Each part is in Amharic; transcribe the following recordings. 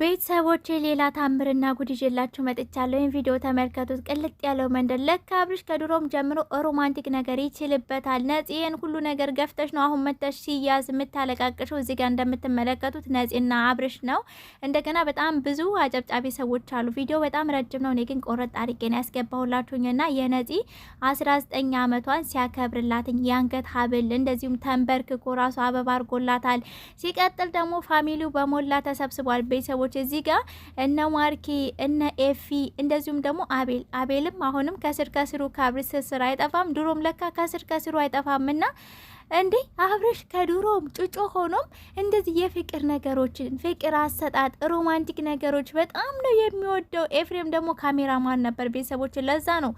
ቤተሰቦች ሌላ ታምርና ጉድ ይዤላችሁ መጥቻለሁ። ይህን ቪዲዮ ተመልከቱት። ቅልጥ ያለው መንደር ለካ አብርሽ ከድሮም ጀምሮ ሮማንቲክ ነገር ይችልበታል። ነፂ ሁሉ ነገር ገፍተሽ ነው አሁን መተሽ ሲያዝ የምታለቃቅሽው። እዚህ ጋር እንደምትመለከቱት ነፂና አብርሽ ነው። እንደገና በጣም ብዙ አጨብጫቢ ሰዎች አሉ። ቪዲዮ በጣም ረጅም ነው። እኔ ግን ቆረጥ አድርጌን ያስገባሁላችሁኝና የነፂ 19 ዓመቷን ሲያከብርላትኝ የአንገት ሀብል እንደዚሁም ተንበርክኮ ራሱ አበባ አድርጎላታል። ሲቀጥል ደግሞ ፋሚሊው በሞላ ተሰብስቧል። ቤተሰቦ ቤተሰቦች እዚህ ጋር እነ ማርኪ እነ ኤፊ እንደዚሁም ደግሞ አቤል አቤልም አሁንም ከስር ከስሩ ከአብሪ አይጠፋም። ድሮም ለካ ከስር ከስሩ አይጠፋምና እንዴ አብረሽ ከድሮም ጩጮ ሆኖም እንደዚህ የፍቅር ነገሮችን ፍቅር አሰጣጥ ሮማንቲክ ነገሮች በጣም ነው የሚወደው። ኤፍሬም ደግሞ ካሜራማን ነበር ቤተሰቦችን፣ ለዛ ነው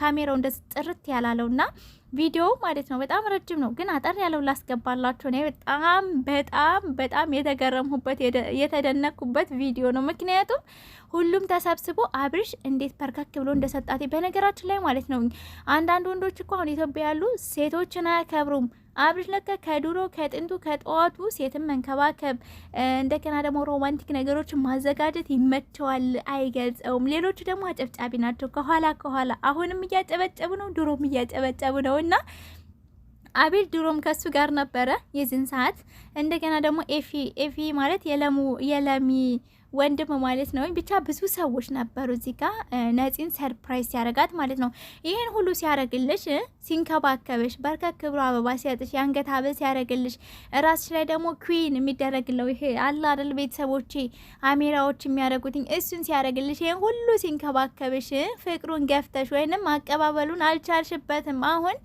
ካሜራው እንደዚህ ጥርት ያላለው እና ቪዲዮ ማለት ነው በጣም ረጅም ነው፣ ግን አጠር ያለው ላስገባላችሁ ነው። በጣም በጣም በጣም የተገረምሁበት የተደነኩበት ቪዲዮ ነው። ምክንያቱም ሁሉም ተሰብስቦ አብርሽ እንዴት በርከክ ብሎ እንደሰጣት በነገራችን ላይ ማለት ነው አንዳንድ ወንዶች እኮ አሁን ኢትዮጵያ ያሉ ሴቶችን አያከ አያከብሩም። አብርሽ ለካ ከድሮ ከጥንቱ ከጠዋቱ ሴትን መንከባከብ እንደገና ደግሞ ሮማንቲክ ነገሮችን ማዘጋጀት ይመቸዋል፣ አይገልጸውም። ሌሎቹ ደግሞ አጨብጫቢ ናቸው። ከኋላ ከኋላ አሁንም እያጨበጨቡ ነው፣ ድሮም እያጨበጨቡ ነው እና አቤል ድሮም ከሱ ጋር ነበረ የዚህን ሰዓት እንደገና ደግሞ ኤፊ ኤፊ ማለት የለሙ የለሚ ወንድም ማለት ነው። ብቻ ብዙ ሰዎች ነበሩ እዚህ ጋ ነፂን ሰርፕራይዝ ሲያረጋት ማለት ነው። ይህን ሁሉ ሲያረግልሽ፣ ሲንከባከብሽ፣ በርከክ ክብሮ አበባ ሲያጥሽ፣ የአንገት ሀብል ሲያረግልሽ፣ ራስሽ ላይ ደግሞ ኩዊን የሚደረግለው ይሄ አለ አይደል ቤተሰቦቼ አሜራዎች የሚያደረጉትኝ እሱን ሲያረግልሽ፣ ይህን ሁሉ ሲንከባከብሽ፣ ፍቅሩን ገፍተሽ ወይንም አቀባበሉን አልቻልሽበትም። አሁን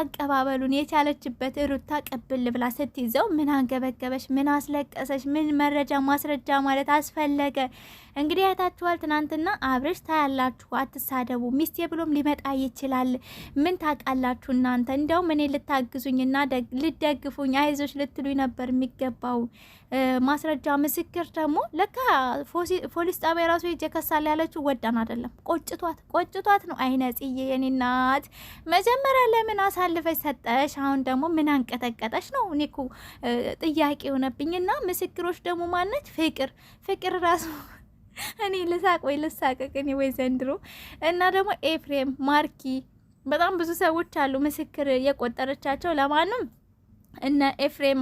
አቀባበሉን የቻለችበት ሩታ ቀብል ብላ ስትይዘው ምን አንገበገበሽ? ምን አስለቀሰሽ? ምን መረጃ ማስረጃ ማለት አስፈ ፈለገ። እንግዲህ አይታችኋል ትናንትና። አብርሽ ታያላችሁ፣ አትሳደቡ ሚስቴ ብሎም ሊመጣ ይችላል። ምን ታውቃላችሁ እናንተ። እንደውም እኔ ልታግዙኝና ልደግፉኝ አይዞች ልትሉኝ ነበር የሚገባው። ማስረጃ ምስክር ደግሞ ለካ ፖሊስ ጣቢያ ራሱ ሄጄ ከሳል ያለችው ወዳን አይደለም፣ ቆጭቷት ቆጭቷት ነው። አይነ ጽዬ የኔ እናት መጀመሪያ ለምን አሳልፈች ሰጠሽ? አሁን ደግሞ ምን አንቀጠቀጠሽ ነው እኔ እኮ ጥያቄ የሆነብኝና ምስክሮች ደግሞ ማነች? ፍቅር ፍቅር ራሱ እኔ ልሳቅ ወይ ልሳቅቅ እኔ ወይ ዘንድሮ። እና ደግሞ ኤፍሬም ማርኪ፣ በጣም ብዙ ሰዎች አሉ ምስክር የቆጠረቻቸው ለማንም እነ ኤፍሬም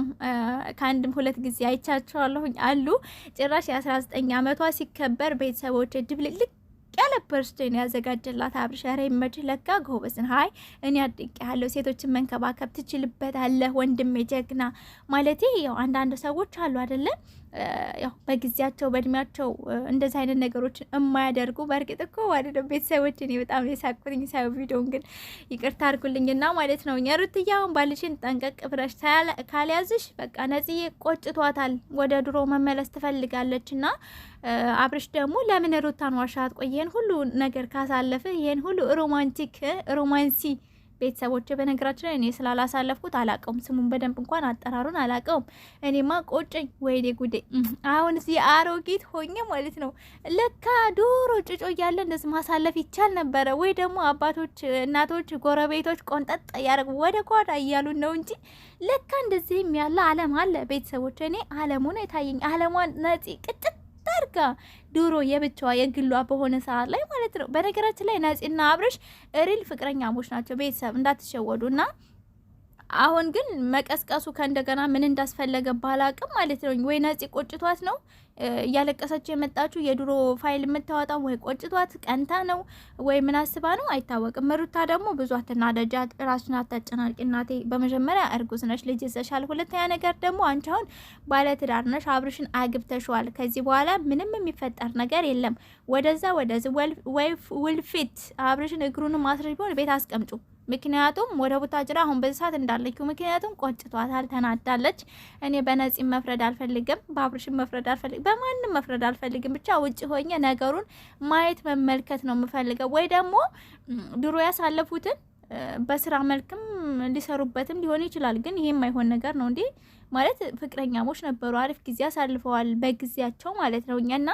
ከአንድም ሁለት ጊዜ አይቻቸዋለሁኝ አሉ። ጭራሽ የ19 አመቷ ሲከበር ቤተሰቦች ድብልቅልቅ ያለ በርስቶ ነው ያዘጋጀላት። አብርሽ ኧረ ይመችህ፣ ለካ ጎበዝን። ሀይ እኔ አድቅ ያለው ሴቶችን መንከባከብ ትችልበታለህ ወንድሜ፣ ጀግና። ማለት ያው አንዳንድ ሰዎች አሉ አይደለም ያው በጊዜያቸው በእድሜያቸው እንደዚህ አይነት ነገሮችን የማያደርጉ በእርግጥ እኮ ማለት ነው ቤተሰቦች፣ እኔ በጣም የሳቁኝ ሳዩ ቪዲዮን ግን ይቅርታ ና ማለት ነው ሩትያውን ባልሽን ጠንቀቅ ብረሽ ካልያዝሽ በቃ ነጽዬ ቆጭቷታል። ወደ ድሮ መመለስ ትፈልጋለች ና አብርሽ ደግሞ ለምን ሩታን ዋሻት? ቆይ ይህን ሁሉ ነገር ካሳለፍ ይህን ሁሉ ሮማንቲክ ሮማንሲ ቤተሰቦች በነገራችን ላይ እኔ ስላላሳለፍኩት አላቀውም። ስሙን በደንብ እንኳን አጠራሩን አላቀውም። እኔማ ቆጨኝ። ወይኔ ጉዴ! አሁን እዚህ አሮጊት ሆኜ ማለት ነው። ለካ ዶሮ ጭጮ እያለ እንደዚህ ማሳለፍ ይቻል ነበረ። ወይ ደግሞ አባቶች፣ እናቶች፣ ጎረቤቶች ቆንጠጥ እያደረጉ ወደ ጓዳ እያሉን ነው እንጂ ለካ እንደዚህም ያለ አለም አለ። ቤተሰቦች እኔ አለሙን የታየኝ አለሟን ነጽ ቅጥ ጋ ድሮ የብቻዋ የግሏ በሆነ ሰዓት ላይ ማለት ነው። በነገራችን ላይ ነፂና አብርሽ ሪል ፍቅረኛሞች ናቸው። ቤተሰብ እንዳትሸወዱ እና አሁን ግን መቀስቀሱ ከእንደገና ምን እንዳስፈለገ ባላቅም ማለት ነው። ወይ ነጽ ቆጭቷት ነው እያለቀሰች የመጣችው የድሮ ፋይል የምታወጣ ወይ ቆጭቷት ቀንታ ነው፣ ወይ ምን አስባ ነው አይታወቅም። ሩታ ደግሞ ብዙ አትናደጂ፣ ራስሽን አታጨናቂ። እናቴ። በመጀመሪያ እርጉዝ ነሽ፣ ልጅ ይዘሻል። ሁለተኛ ነገር ደግሞ አንቺ አሁን ባለትዳር ነሽ፣ አብርሽን አግብተሸዋል። ከዚህ በኋላ ምንም የሚፈጠር ነገር የለም። ወደዛ ወደዚ ወይ ውልፊት አብርሽን እግሩን ማስረጅ ቢሆን ቤት አስቀምጩ ምክንያቱም ወደ ቡታጅራ አሁን በዚህ ሰዓት እንዳለችው፣ ምክንያቱም ቆጭቷታል፣ ተናዳለች። እኔ በነፂም መፍረድ አልፈልግም፣ በአብርሽም መፍረድ አልፈልግም፣ በማንም መፍረድ አልፈልግም። ብቻ ውጭ ሆኜ ነገሩን ማየት መመልከት ነው የምፈልገው። ወይ ደግሞ ድሮ ያሳለፉትን በስራ መልክም ሊሰሩበትም ሊሆን ይችላል። ግን ይሄ የማይሆን ነገር ነው እንዴ! ማለት ፍቅረኛሞች ነበሩ፣ አሪፍ ጊዜ አሳልፈዋል፣ በጊዜያቸው ማለት ነው እኛና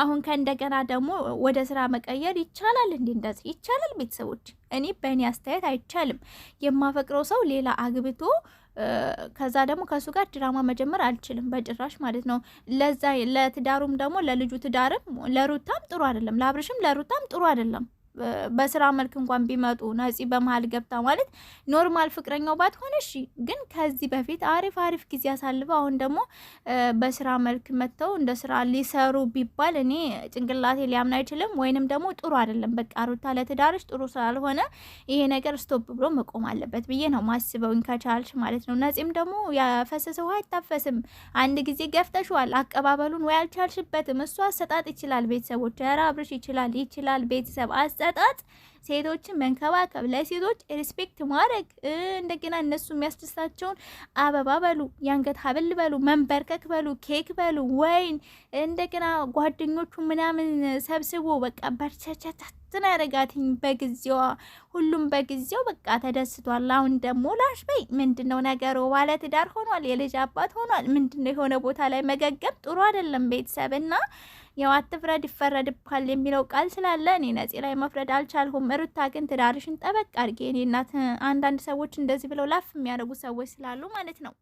አሁን ከእንደገና ደግሞ ወደ ስራ መቀየር ይቻላል? እንዲ እንደዚህ ይቻላል? ቤተሰቦች እኔ በእኔ አስተያየት አይቻልም። የማፈቅረው ሰው ሌላ አግብቶ ከዛ ደግሞ ከእሱ ጋር ድራማ መጀመር አልችልም በጭራሽ ማለት ነው። ለዛ ለትዳሩም ደግሞ ለልጁ ትዳርም ለሩታም ጥሩ አይደለም፣ ለአብርሽም ለሩታም ጥሩ አይደለም። በስራ መልክ እንኳን ቢመጡ ነፂ በመሀል ገብታ ማለት ኖርማል ፍቅረኛው ባትሆን እሺ፣ ግን ከዚህ በፊት አሪፍ አሪፍ ጊዜ አሳልፈው አሁን ደግሞ በስራ መልክ መጥተው እንደ ስራ ሊሰሩ ቢባል እኔ ጭንቅላቴ ሊያምን አይችልም። ወይንም ደግሞ ጥሩ አይደለም። በቃ ሩታ ለትዳርሽ ጥሩ ስላልሆነ ይሄ ነገር ስቶፕ ብሎ መቆም አለበት ብዬ ነው ማስበውኝ፣ ከቻልሽ ማለት ነው። ነፂም ደግሞ ያፈሰሰ ውሃ አይታፈስም። አንድ ጊዜ ገፍተሽዋል፣ አቀባበሉን ወይ አልቻልሽበትም። እሱ አሰጣጥ ይችላል፣ ቤተሰቦች ራብርሽ ይችላል ይችላል ቤተሰብ መጸጣት፣ ሴቶችን መንከባከብ፣ ለሴቶች ሪስፔክት ማድረግ፣ እንደገና እነሱ የሚያስደስታቸውን አበባ በሉ፣ የአንገት ሀብል በሉ፣ መንበርከክ በሉ፣ ኬክ በሉ፣ ወይን እንደገና ጓደኞቹ ምናምን ሰብስቦ በቃ በርቻቻታት ነው ያደረጋትኝ በጊዜዋ። ሁሉም በጊዜው በቃ ተደስቷል። አሁን ደግሞ ላሽ በይ ምንድን ነው ነገሩ? ባለ ትዳር ሆኗል፣ የልጅ አባት ሆኗል። ምንድን ነው የሆነ ቦታ ላይ መገገም ጥሩ አይደለም። ቤተሰብ እና ያው አትፍረድ ይፈረድብሃል የሚለው ቃል ስላለ እኔ ነፂ ላይ መፍረድ አልቻልሁም። እሩታ ግን ትዳርሽን ጠበቅ አድርጌ እኔ እናት አንዳንድ ሰዎች እንደዚህ ብለው ላፍ የሚያደርጉ ሰዎች ስላሉ ማለት ነው